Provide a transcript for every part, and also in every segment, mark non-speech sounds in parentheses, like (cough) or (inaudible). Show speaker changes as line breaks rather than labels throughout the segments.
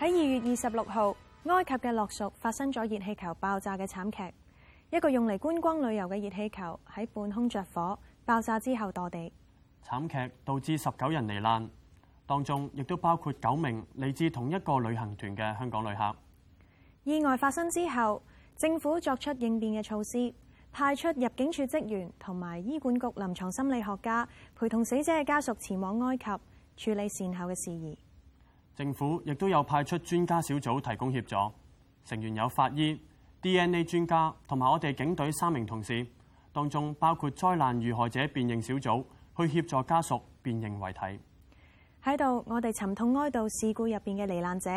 喺二月二十六號，埃及嘅樂蜀發生咗熱氣球爆炸嘅慘劇。一個用嚟觀光旅遊嘅熱氣球喺半空着火，爆炸之後墮地，
慘劇導致十九人罹難，當中亦都包括九名嚟自同一個旅行團嘅香港旅客。
意外發生之後，政府作出應變嘅措施，派出入境處職員同埋醫管局臨床心理學家陪同死者嘅家屬前往埃及處理善後嘅事宜。
政府亦都有派出專家小組提供協助，成員有法醫、DNA 專家同埋我哋警隊三名同事，當中包括災難遇害者辨認小組去協助家屬辨認遺體。
喺度，我哋沉痛哀悼事故入邊嘅罹難者，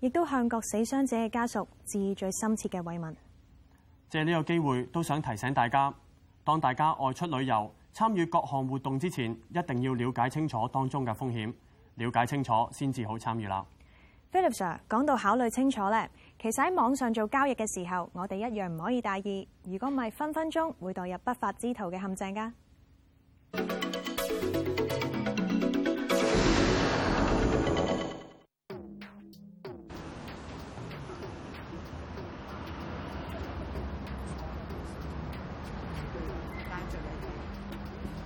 亦都向各死傷者嘅家屬致以最深切嘅慰問。
借呢個機會，都想提醒大家，當大家外出旅遊、參與各項活動之前，一定要了解清楚當中嘅風險。了解清楚先至好參與啦
，Philip Sir 講到考慮清楚咧，其實喺網上做交易嘅時候，我哋一樣唔可以大意，如果唔係分分鐘會墮入不法之徒嘅陷阱噶。帶
h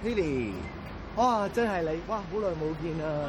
i l l y 哇！真係你，哇！好耐冇見啊。.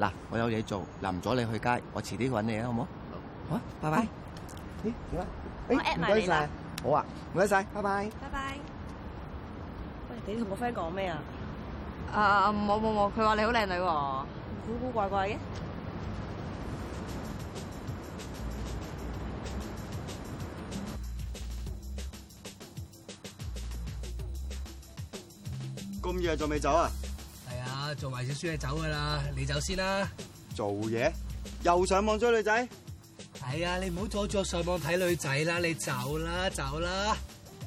嗱，我有嘢做，嗱唔阻你去街，我遲啲搵你啊，好唔好？好，好，拜拜。咦，點啊？誒，唔該晒。好啊，唔該晒，拜拜。拜拜。
喂，你同個 friend 講咩啊？誒，冇冇冇，佢話你好靚女喎。
古古怪怪嘅。
咁夜仲未走啊？
做埋少少嘢走噶啦，你走先啦。
做嘢又上網追女仔？
係、哎、啊，你唔好阻住上網睇女仔啦，你走啦，走啦。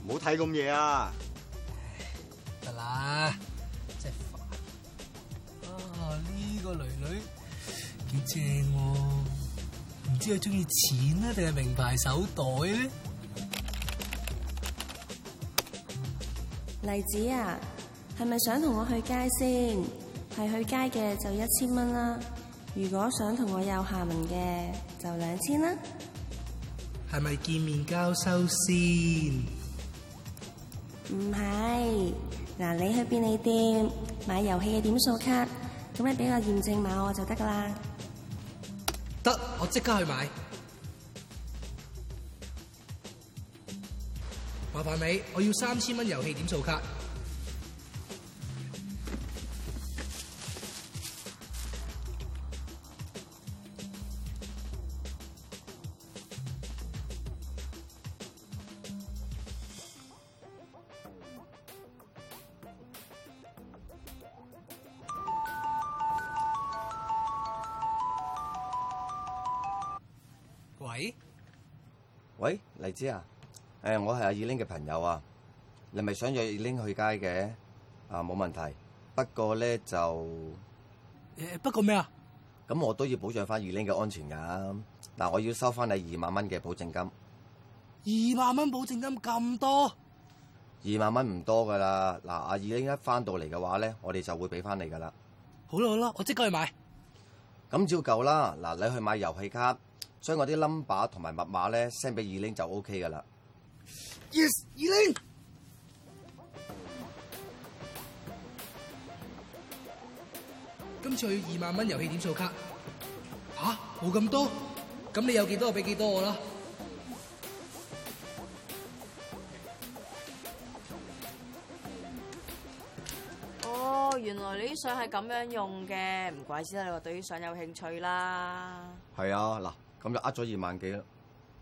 唔好睇咁嘢啊！得啦，真係煩。呢個女女幾正喎？唔知佢中意錢啊，定係名牌手袋咧？
麗子啊，係咪想同我去街先？嗯係去街嘅就一千蚊啦，如果想同我有下文嘅就兩千啦。
係咪見面交收先？
唔係，嗱，你去便利店買遊戲嘅點數卡，咁你俾我驗證碼我就得噶啦。
得，我即刻去買。麻煩你，我要三千蚊遊戲點數卡。
黎之啊，誒、欸，我係阿二玲嘅朋友啊，你咪想約二玲去街嘅，啊，冇問題，不過咧就誒、欸，不過咩啊？咁我都要保障翻二玲嘅安全噶、啊，嗱、啊，我要收翻你二萬蚊嘅保證金。二萬蚊保證金咁多？二萬蚊唔多噶啦，嗱、啊，阿二玲一翻到嚟嘅話咧，我哋就會俾翻你噶啦。好啦好啦，我即刻去買。咁照舊啦，嗱、啊，你去買遊戲卡。所以我啲 number 同埋密碼咧 send 俾二 l 就 O K 噶啦。Yes，二 l 今次我要二萬蚊遊戲點數卡吓？冇、啊、咁多，咁你有幾多就俾幾多我啦。
哦，原來你啲相係咁樣用嘅，唔怪之得你話對於相有興趣啦。
係啊，嗱。咁就呃咗二萬幾啦！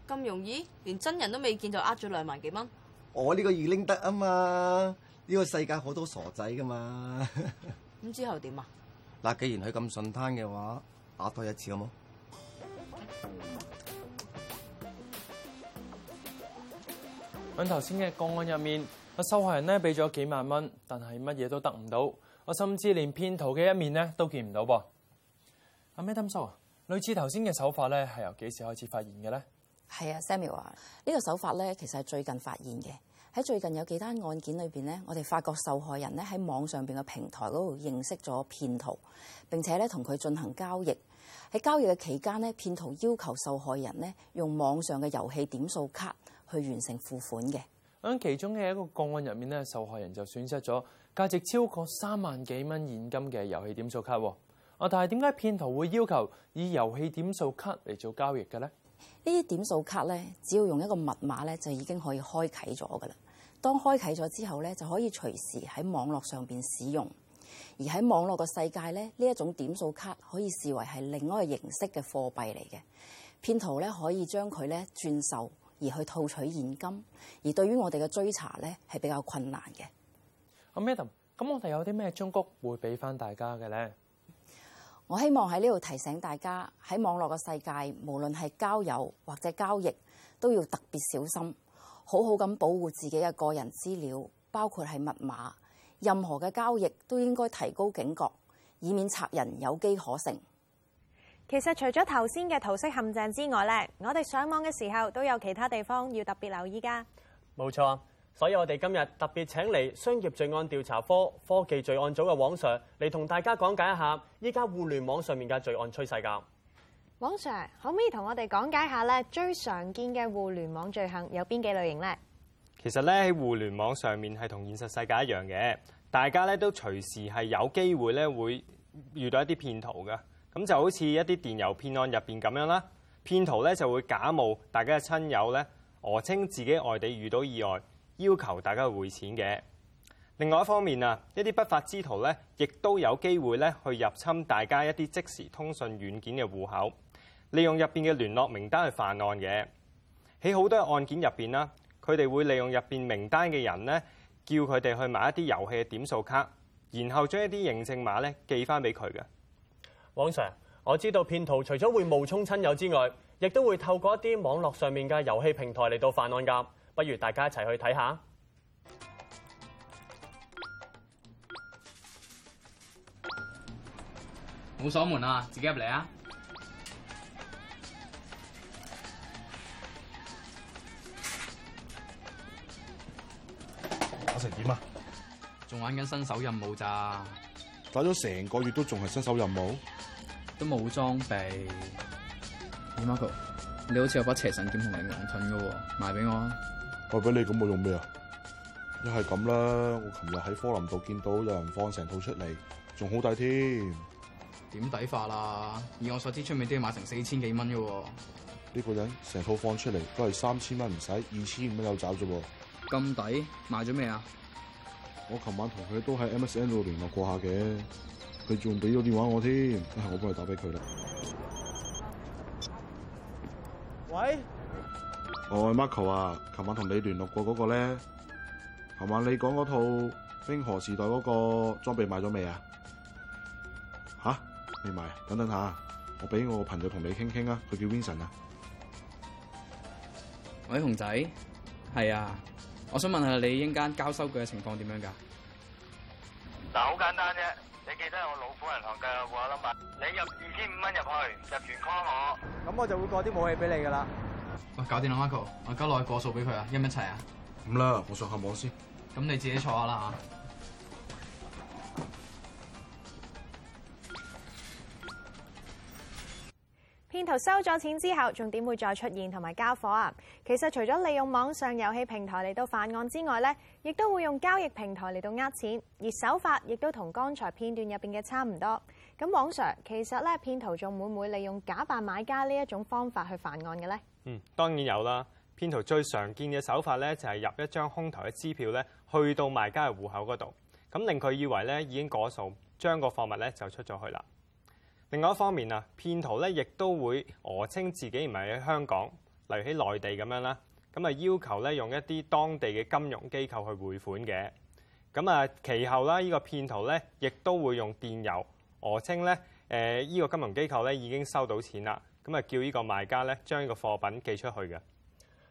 咁容易，連真人都未見就呃咗兩萬幾蚊。
我呢個易拎得啊嘛！呢、這個世界好多傻仔噶嘛。
咁 (laughs) 之後點啊？
嗱，既然佢咁順攤嘅話，呃多一次好冇？喺頭先嘅個案入面，個受害人咧俾咗
幾萬蚊，但係乜嘢都得唔到，我甚至連騙徒嘅一面咧都見唔到噃。阿 Madam 啊！類似頭先嘅手法咧，係由幾時開始發現嘅咧？係
啊，Samuel，呢個手法咧，其實係最近發現嘅。喺最近有幾單案件裏邊咧，我哋發覺受害人咧喺網上邊嘅平台嗰度認識咗騙徒，並且咧同佢進行交易。喺交易嘅期間咧，騙徒要求受害人咧用網上嘅遊戲點數卡去完成付款嘅。
咁其中嘅一個個案入面咧，受害人就損失咗價值超過三萬幾蚊現金嘅遊戲點數卡。啊，但係點解騙徒會要求以遊戲點數卡嚟做交易嘅咧？呢啲點數卡
咧，只要用一個密碼咧，就已經可以開啟咗噶啦。當開啟咗之後咧，就可以隨時喺網絡上邊使用。而喺網絡嘅世界咧，呢一種點數卡可以視為係另外一個形式嘅貨幣嚟嘅。騙徒咧可以將佢咧轉售而去套取現金，而對於我哋嘅追查咧係比較困難嘅。
阿、啊、Madam，咁我哋有啲咩忠告會俾返大家嘅咧？
我希望喺呢度提醒大家喺網絡嘅世界，無論係交友或者交易，都要特別小心，好好咁保護自己嘅個人資料，包括係密碼。任何嘅交易都應該提高警覺，以免賊人有機可
乘。
其實除咗頭先嘅桃色陷阱之外咧，我哋上網嘅時候都有其他地方要特別留意噶。
冇錯。所以我哋今日特別請嚟商業罪案調查科科技罪案組嘅王 sir 嚟同大家講解一下依家互聯網上面嘅罪案趨勢。噶。王，
王 sir，可唔可以同我哋講解下咧最常見嘅互聯網罪行有邊幾類型呢？
其實咧喺互聯網上面係同現實世界一樣嘅，大家咧都隨時係有機會咧會遇到一啲騙徒嘅。咁就好似一啲電郵騙案入邊咁樣啦。騙徒咧就會假冒大家嘅親友咧，訛稱自己外地遇到意外。要求大家匯錢嘅。另外一方面啊，一啲不法之徒咧，亦都有機會咧去入侵大家一啲即時通訊軟件嘅戶口，利用入邊嘅聯絡名單去犯案嘅。喺好多案件入邊啦，佢哋會利用入邊名單嘅人咧，叫佢哋去買一啲遊戲嘅點數卡，然後將一啲認證碼咧寄翻俾佢嘅。
王 Sir，我知道騙徒除咗會冒充親友之外，亦都會透過一啲網絡上面嘅遊戲平台嚟到犯案噶。不如大家一齊去睇下。冇鎖門啊！自己入嚟啊！打成點啊？仲玩緊新手任務咋？
打咗成個月都仲係新手任務？都冇裝備。咦，Marco，你好似有把邪神劍同埋狼盾噶，賣俾我。賣俾你，咁我用咩啊？一係咁啦，我琴日喺科林度見到有人放成套出嚟，仲好抵添。點抵法啊？以我所知出面都要買成四千幾蚊嘅。呢個人成套放出嚟都係三千蚊唔使，二千五蚊有找啫。咁抵賣咗咩啊？我琴晚同佢都喺 MSN 度聯絡過下嘅，佢仲俾咗電話我添，我幫佢打俾佢啦。
喂？
我係 Marco 啊，琴晚同你聯絡過嗰個咧，琴晚你講嗰套冰河時代嗰個裝備買咗未啊？
吓？
未買？等等下，我俾我個朋友同你傾傾啊，佢叫 Vincent 啊。喂，熊仔，係啊，我想問下你英間交收據嘅情況點樣噶？
嗱，好簡單啫，你記得係我老虎銀行計落個密碼，你入二千五蚊入去，入完 call 我，咁我就會過啲武器俾你噶啦。喂，搞掂
啦，Marco。我交落去個數俾佢啊，一唔一齊啊？咁啦，我上下網先。咁你自己坐下啦吓。
騙徒收咗錢之後，重點會再出現同埋交貨啊？其實除咗利用網上遊戲平台嚟到犯案之外咧，亦都會用交易平台嚟到呃錢，而手法亦都同剛才片段入邊嘅差唔多。咁王 Sir 其實咧，騙徒仲會唔會利用假扮買家呢一種方法去犯案嘅咧？
嗯，當然有啦。騙徒最常見嘅手法咧，就係、是、入一張空頭嘅支票咧，去到賣家嘅戶口嗰度，咁令佢以為咧已經過數，將個貨物咧就出咗去啦。另外一方面啊，騙徒咧亦都會訛稱自己唔係喺香港，例如喺內地咁樣啦，咁啊要求咧用一啲當地嘅金融機構去匯款嘅。咁啊其後啦，呢、這個騙徒咧亦都會用電郵訛稱咧，誒、呃、呢、這個金融機構咧已經收到錢啦。咁啊，叫呢個賣家咧將呢個貨品寄出去嘅。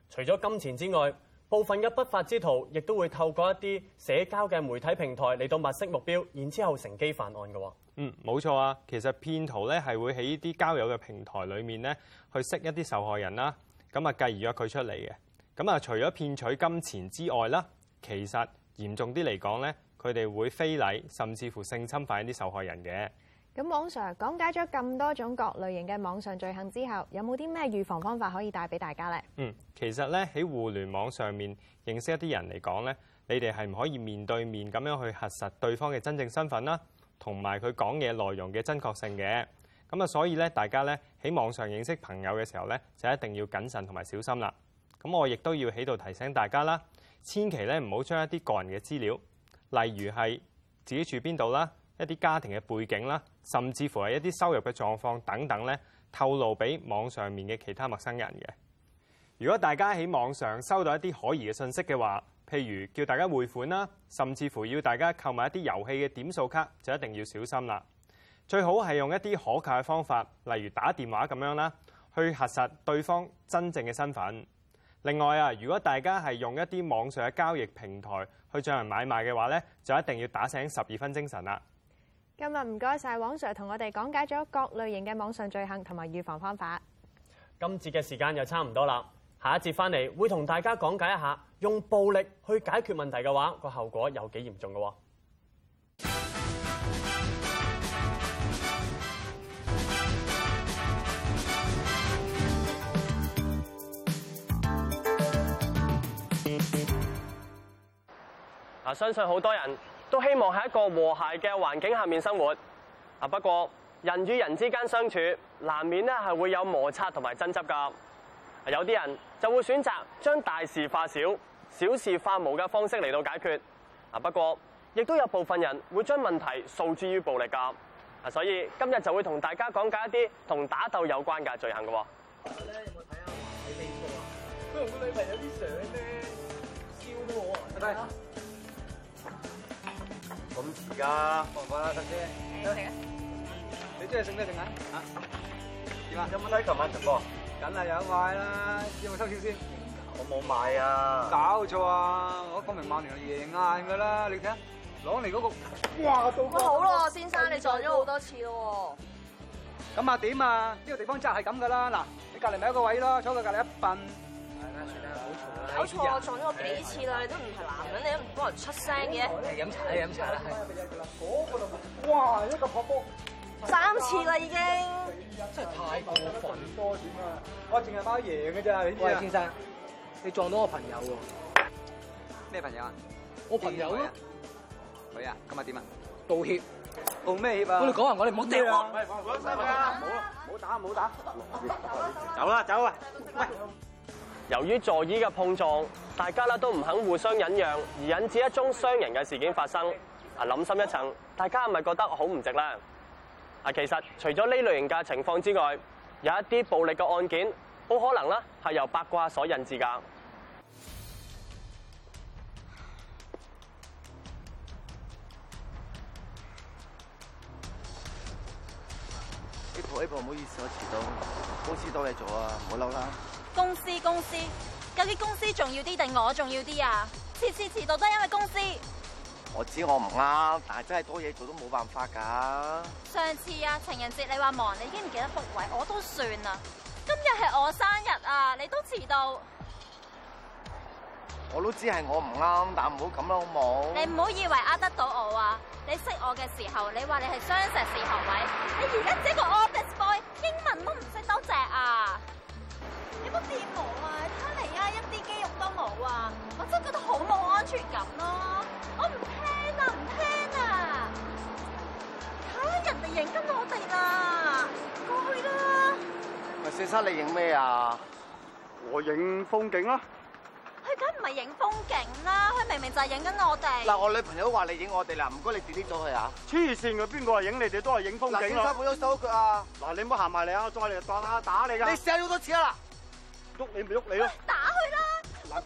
除咗金錢之外，部分嘅不法之徒亦都會透過一啲社交嘅媒體平台嚟到物色目標，然之後乘機犯案嘅
喎。嗯，冇錯啊，其實騙徒咧係會喺呢啲交友嘅平台裡面咧去識一啲受害人啦，咁啊繼而約佢出嚟嘅。咁啊，除咗騙取金錢之外啦，其實嚴重啲嚟講咧，佢哋會非禮甚至乎性侵犯一啲受害人嘅。
咁網上講解咗咁多種各類型嘅網上罪行之後，有冇啲咩預防方法可以帶俾大家呢？嗯，
其實咧喺互聯網上面認識一啲人嚟講咧，你哋係唔可以面對面咁樣去核實對方嘅真正身份啦，同埋佢講嘢內容嘅真確性嘅。咁啊，所以咧，大家咧喺網上認識朋友嘅時候咧，就一定要謹慎同埋小心啦。咁我亦都要喺度提醒大家啦，千祈咧唔好將一啲個人嘅資料，例如係自己住邊度啦。一啲家庭嘅背景啦，甚至乎係一啲收入嘅狀況等等咧，透露俾網上面嘅其他陌生人嘅。如果大家喺網上收到一啲可疑嘅信息嘅話，譬如叫大家匯款啦，甚至乎要大家購買一啲遊戲嘅點數卡，就一定要小心啦。最好係用一啲可靠嘅方法，例如打電話咁樣啦，去核實對方真正嘅身份。另外啊，如果大家係用一啲網上嘅交易平台去進行買賣嘅話咧，就一定要打醒十二分精神啦。
今日唔該晒王 sir 同我哋講解咗各類型嘅網上罪行同埋預防方法。
今次嘅時間又差唔多啦，下一節翻嚟，會同大家講解一下用暴力去解決問題嘅話個後果有幾嚴重噶。嗱，相信好多人。都希望喺一個和諧嘅環境下面生活。啊，不過人與人之間相處難免咧係會有摩擦同埋爭執噶。有啲人就會選擇將大事化小，小事化無嘅方式嚟到解決。啊，不過亦都有部分人會將問題訴諸於暴力噶。啊，所以今日就會同大家講解一啲同打鬥有關嘅罪行噶喎、啊，有冇
睇下佢
同女朋友啲相笑到我。
而家
放
心啦，先生。你中意食咩點啊？點啊？有冇睇琴晚直播？梗係有買啦。有冇收錢
先？我冇買啊！搞錯啊！我講明曼聯係贏硬㗎啦，你睇下。
朗尼嗰個咩啊？我做得好咯，
先生，你錯咗好多次咯。
咁啊點啊？呢個地方真係咁㗎啦。嗱，你隔離咪有個位咯，坐到隔離一瞓。
搞錯
撞咗我幾次啦！你都唔係男人，你都唔幫人出聲嘅。嚟飲茶啦，嚟飲茶啦！嗰個
哇，一個婆婆，三次啦已經了。真係太過分了了多點啦！我淨係包贏嘅咋？喂，先生，你撞到我朋友喎？咩朋友啊？我朋友咯。佢啊，啊，今日點啊？道歉。道咩歉啊？我哋講話，我哋唔好跌啦。唔係，防唔好，唔好打，唔好打，走啦走啊！喂。啊由
於座椅嘅碰撞，大家啦都唔肯互相忍讓，而引致一宗傷人嘅事件發生。諗深一層，大家係咪覺得好唔值呢？其實除咗呢類型嘅情況之外，有一啲暴力嘅案件，好可能啦係由八卦所引致噶。A
婆，A 婆，唔好意思，我遲到，公司多嘢做啊，唔好嬲啦。
公司公司，究竟公司重要啲定我重要啲啊？次次遲到都係因為公司。
我知我唔啱，但係真係多嘢做都冇辦法噶。
上次啊，情人節你話忙，你已經唔記得復位，我都算啦。今日係我生日啊，你都遲到。
我都知係我唔啱，但唔好咁啦好唔好？你唔好以為
呃得到我啊！你識我嘅時候，你話你係雙碩士學位，你而家這個 office boy，英文都唔識多隻啊！一啲毛啊，睇嚟啊，一啲肌肉都冇啊，我真覺得好冇安全感咯。我唔聽啊唔聽啊！睇下人哋影緊我哋啦，過去啦。
喂，先生你影咩啊？我影風景啦。
佢梗唔係影風景啦，佢明明就係影緊我哋。嗱，
我女朋友話你影我哋啦，唔該你自激咗佢啊。
黐線佢邊個影你哋都係影風景咯。警察冇手腳啊！
嗱，你唔好行埋嚟啊，我再嚟打下打你噶。你收好多次啊啦！
喐你咪喐你咯，啊！打佢啦！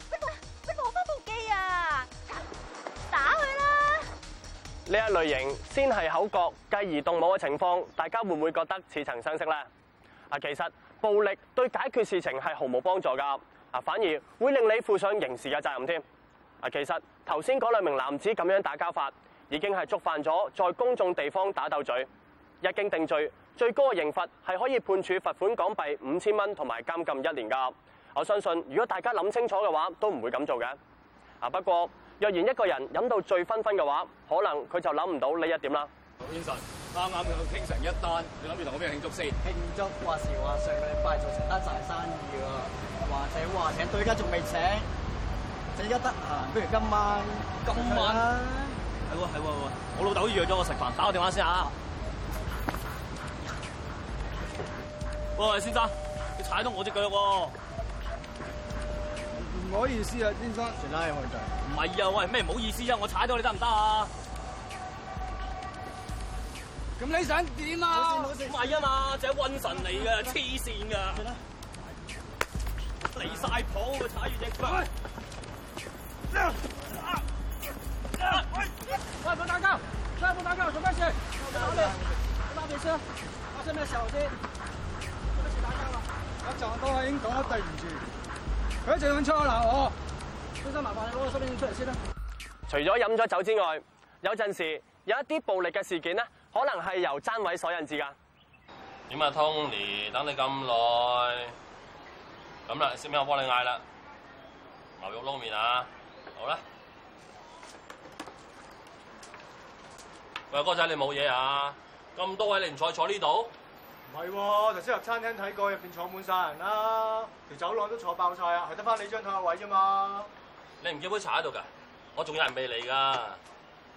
你攞翻部機啊打！打佢啦！
呢一類型先係口角，繼而動武嘅情況，大家會唔會覺得似曾相識咧？啊，其實暴力對解決事情係毫無幫助㗎，啊反而會令你負上刑事嘅責任添。啊，其實頭先嗰兩名男子咁樣打交法，已經係觸犯咗在公眾地方打鬥罪，一經定罪。最高嘅刑罰係可以判處罰款港幣五千蚊同埋監禁一年㗎。我相信如果大家諗清楚嘅話，都唔會咁做嘅。啊不過，若然一個人飲到醉醺醺嘅話，可能佢就諗唔到呢一點啦。先生，啱啱又傾
成一單，你諗住同我咩慶祝先？慶祝話時話上禮拜做成單大生意啊？或者話請而家仲未請？而家得閒，不如今晚，今晚。係喎係喎，我老豆都約咗我食飯，打個電話先啊！喂，先生，你踩到我隻腳喎？
唔好意思啊，先生。其他可以唔係
啊，喂，咩唔好意思呀？我踩到你得唔得啊？咁你想點啊？唔係啊嘛，就瘟神嚟㗎，黐線噶。離晒譜，踩住隻腳。喂，喂，喂！三步單腳，三步單腳，小心！那邊，那邊車，阿師傅小心。一陣
我都
已經擋得抵唔住，佢一陣想出我鬧我，先生麻煩你攞個收
b i 出嚟先
啦。除咗飲咗酒之外，有陣時有一啲暴力嘅事件咧，可能係由爭位所引致噶。點啊，Tony，等你咁耐，咁啦，先 b 我幫你嗌啦。牛肉撈麵啊，好啦。喂，哥仔，你冇嘢啊？咁多位你唔坐坐呢度？
係頭先入餐廳睇過，入邊坐滿晒人啦，啊，條走廊都坐爆晒啊，係得翻你張台嘅位
啫嘛。你唔叫杯茶喺度噶，我仲有人未嚟噶。
呢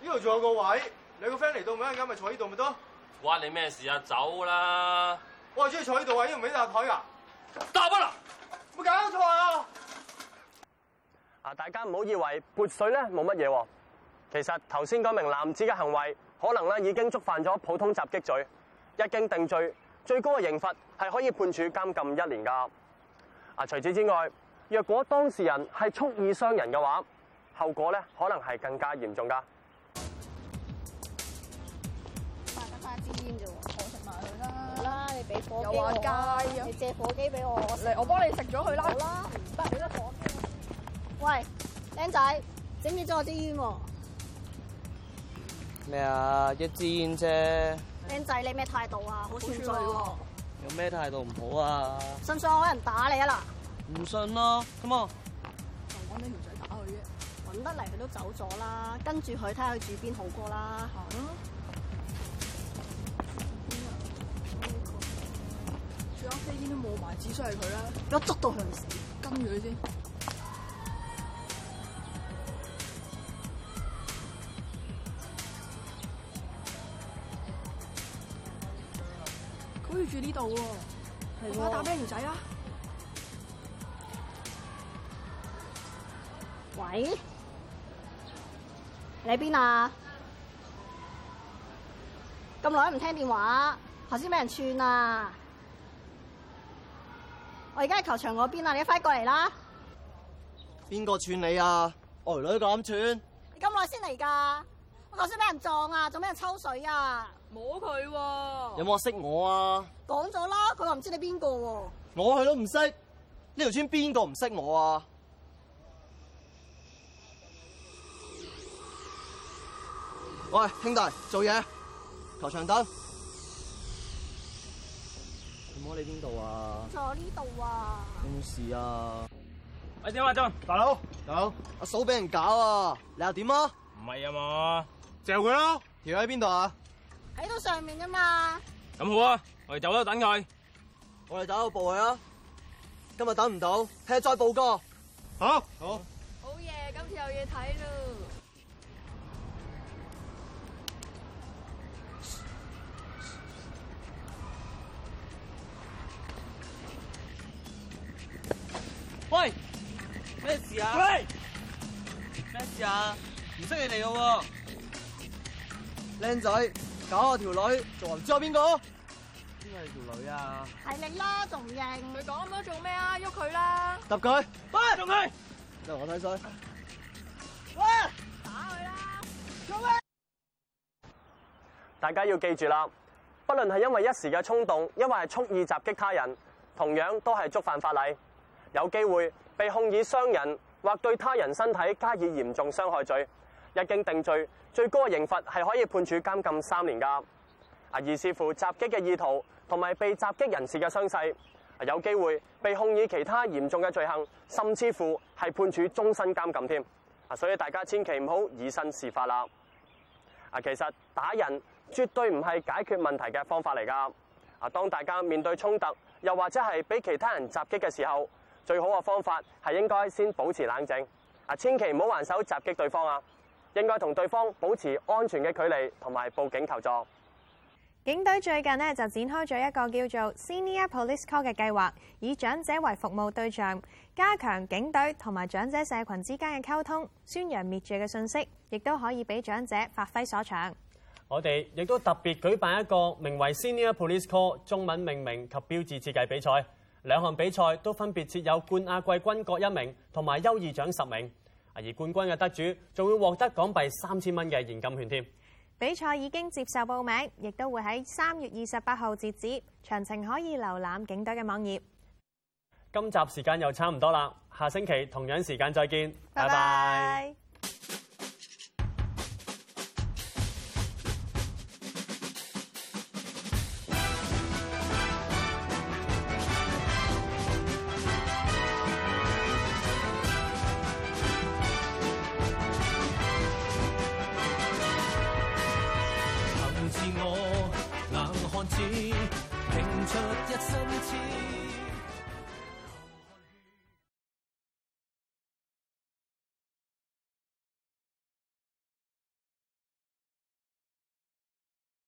度仲有個位，你個 friend 嚟到唔得噶，咪坐呢度咪得。
關你咩事啊？走啦！我係中意坐呢度啊，呢個唔俾你搭台啊！答啊啦，冇搞錯啊！啊，大家唔好以為撥水咧冇乜嘢，其實頭先嗰名男子嘅行為可能咧已經觸犯咗普通襲擊罪，一經定罪。最高嘅刑罰係可以判處監禁一年噶。啊，除此之外，若果當事人係蓄意傷人嘅話，後果咧可能係更加嚴重噶。咪得
翻一支煙啫，
好食埋佢啦。啦，你俾火機有話啊，你借火機俾我。嚟，我幫你食咗
佢啦。好啦，得，唔得講。喂，靚仔，整跌咗我支煙喎。
咩啊？一支煙啫。
靚仔，你咩態度啊？度好損嘴
有咩態度唔好啊？信
唔信我可能打你啊嗱！
唔信咯，咁啊、
嗯，我諗你唔使打佢啫。搵得嚟佢都走咗啦，跟住佢睇下佢住邊好過啦，行啦。仲有飛天都冇埋，只衰佢啦！如果捉到佢人死，跟住佢先。住呢度喎，而家打咩魚仔啊？喂，你喺邊啊？咁耐都唔聽電話，頭先俾人串啊！
我而家喺球場嗰邊啊，你快過嚟啦！
邊個串你啊？我條女咁串？
你咁耐先嚟噶？
我頭先俾人撞啊，仲俾人抽水啊！摸佢喎、
啊！有冇識我啊？
講咗啦，佢話唔知你邊個
喎。我去都唔識，呢條村邊個唔識我啊？喂，兄弟，做嘢，球上燈。你摸你邊度啊？
坐呢度啊。
有冇事啊？喂，點啊，俊，大佬。大佬，阿嫂俾人搞啊！你又點啊？
唔係啊嘛。
就佢咯。條友喺邊度啊？
喺到上面啊嘛。
咁好啊！我哋走喺度等佢，我哋走個步佢啦。今日等唔到，聽日再報告。好。
好。好
嘢、哦，今次有嘢睇咯。
喂。咩事啊？喂。咩事啊？唔識你哋嘅喎。靚仔。搞我條女，仲話唔知有邊個？邊個係條女啊？係你啦，仲
唔認？咪講咁多做咩啊？喐佢啦！
揼佢！喂，做咩？嚟我睇水。喂，打
佢啦！
各位，
大家要記住啦，不論係因為一時嘅衝動，因為係蓄意襲擊他人，同樣都係觸犯法例，有機會被控以傷人或對他人身體加以嚴重傷害罪。一經定罪，最高嘅刑罰係可以判處監禁三年噶。啊，而視乎襲擊嘅意圖同埋被襲擊人士嘅傷勢，有機會被控以其他嚴重嘅罪行，甚至乎係判處終身監禁添。啊，所以大家千祈唔好以身試法啦。啊，其實打人絕對唔係解決問題嘅方法嚟噶。啊，當大家面對衝突，又或者係俾其他人襲擊嘅時候，最好嘅方法係應該先保持冷靜。啊，千祈唔好還手襲擊對方啊！應該同對方保持安全嘅距離，同埋報警求助。
警隊最近呢就展開咗一個叫做 Senior Police Call 嘅計劃，以長者為服務對象，加強警隊同埋長者社群之間嘅溝通，宣揚滅罪嘅信息，亦都可以俾長者發揮所長。
我哋亦都特別舉辦一個名為 Senior Police Call 中文命名及標誌設計比賽，兩項比賽都分別設有冠亞季軍各一名，同埋優異獎十名。而冠軍嘅得主仲會獲得港幣三千蚊嘅現金券添。
比賽已經接受報名，亦都會喺三月二十八號截止。詳情可以瀏覽警隊嘅網頁。
今集時間又差唔多喇，下星期同樣時間再見，
拜拜。